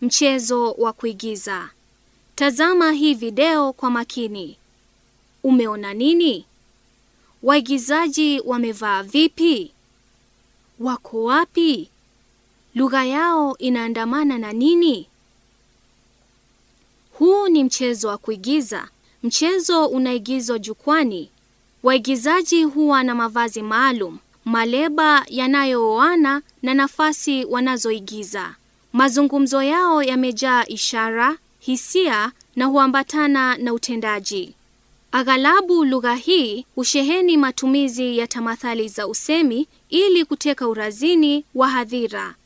Mchezo wa kuigiza. Tazama hii video kwa makini. Umeona nini? Waigizaji wamevaa vipi? Wako wapi? Lugha yao inaandamana na nini? Huu ni mchezo wa kuigiza. Mchezo unaigizwa jukwani. Waigizaji huwa na mavazi maalum, maleba yanayooana na nafasi wanazoigiza. Mazungumzo yao yamejaa ishara, hisia na huambatana na utendaji. Aghalabu lugha hii husheheni matumizi ya tamathali za usemi ili kuteka urazini wa hadhira.